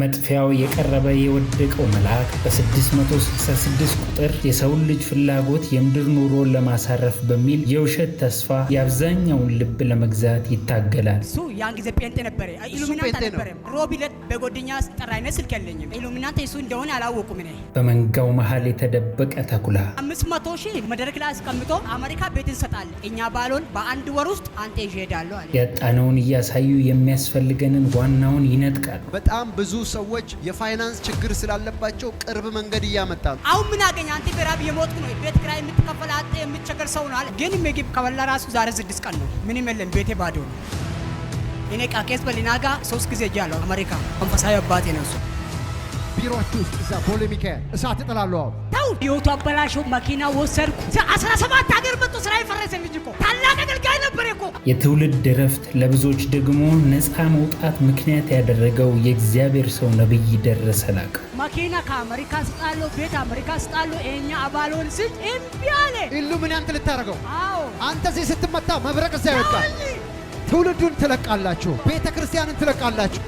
መጥፊያው የቀረበ የወደቀው መልአክ በ666 ቁጥር የሰውን ልጅ ፍላጎት የምድር ኑሮን ለማሳረፍ በሚል የውሸት ተስፋ የአብዛኛውን ልብ ለመግዛት ይታገላል። እሱ ያን ጊዜ ጴንጤ ነበረ፣ ኢሉሚናት ነበረ። ስጠራ አይነት ስልክ የለኝም። ኢሉሚናት እሱ እንደሆነ አላወቁም። እኔ በመንጋው መሀል የተደበቀ ተኩላ አምስት መቶ ሺህ መድረክ ላይ አስቀምጦ አሜሪካ ቤት እንሰጣለን እኛ ባሎን በአንድ ወር ውስጥ አንተ ይዤ እሄዳለሁ አለ። ያጣነውን እያሳዩ የሚያስፈልገንን ዋናውን ይነጥቃል። በጣም ብዙ ሰዎች የፋይናንስ ችግር ስላለባቸው ቅርብ መንገድ እያመጣ ነው። አሁን ምን አገኝ አንተ በራብ የሞትኩ ነው። ቤት ኪራይ የምትከፈል አጠ የምትቸገር ሰው ነው አለ። ግን ምግብ ከበላ ራሱ ዛሬ ስድስት ቀን ነው፣ ምንም የለም፣ ቤቴ ባዶ ነው። እኔ ቃቄስ በሊናጋ ሶስት ጊዜ እያለሁ አሜሪካ መንፈሳዊ አባቴ ነው እሱ። ውስጥ እዛ ቦሌ ሚካኤል እሳት እጥላለሁ። ተው ህይወቱ አበላሸው። መኪና ወሰድኩ። አስራ ሰባት ሀገር መጡ። ስራ የፈረሰ ልጅ እኮ ታላቅ አገልጋይ ነበር። የትውልድ እረፍት ለብዙዎች ደግሞ ነፃ መውጣት ምክንያት ያደረገው የእግዚአብሔር ሰው ነቢይ ደረሰ ላቀ መኪና ከአሜሪካ ስጣለ ቤት አሜሪካ ስጣለ የኛ አባሎን ስጥ እምቢ አለ። ኢሉ ምን አንተ ልታደርገው አንተ እዚህ ስትመታ መብረቅ እዚያ ይወጣል። ትውልዱን ትለቃላችሁ፣ ቤተ ክርስቲያንን ትለቃላችሁ።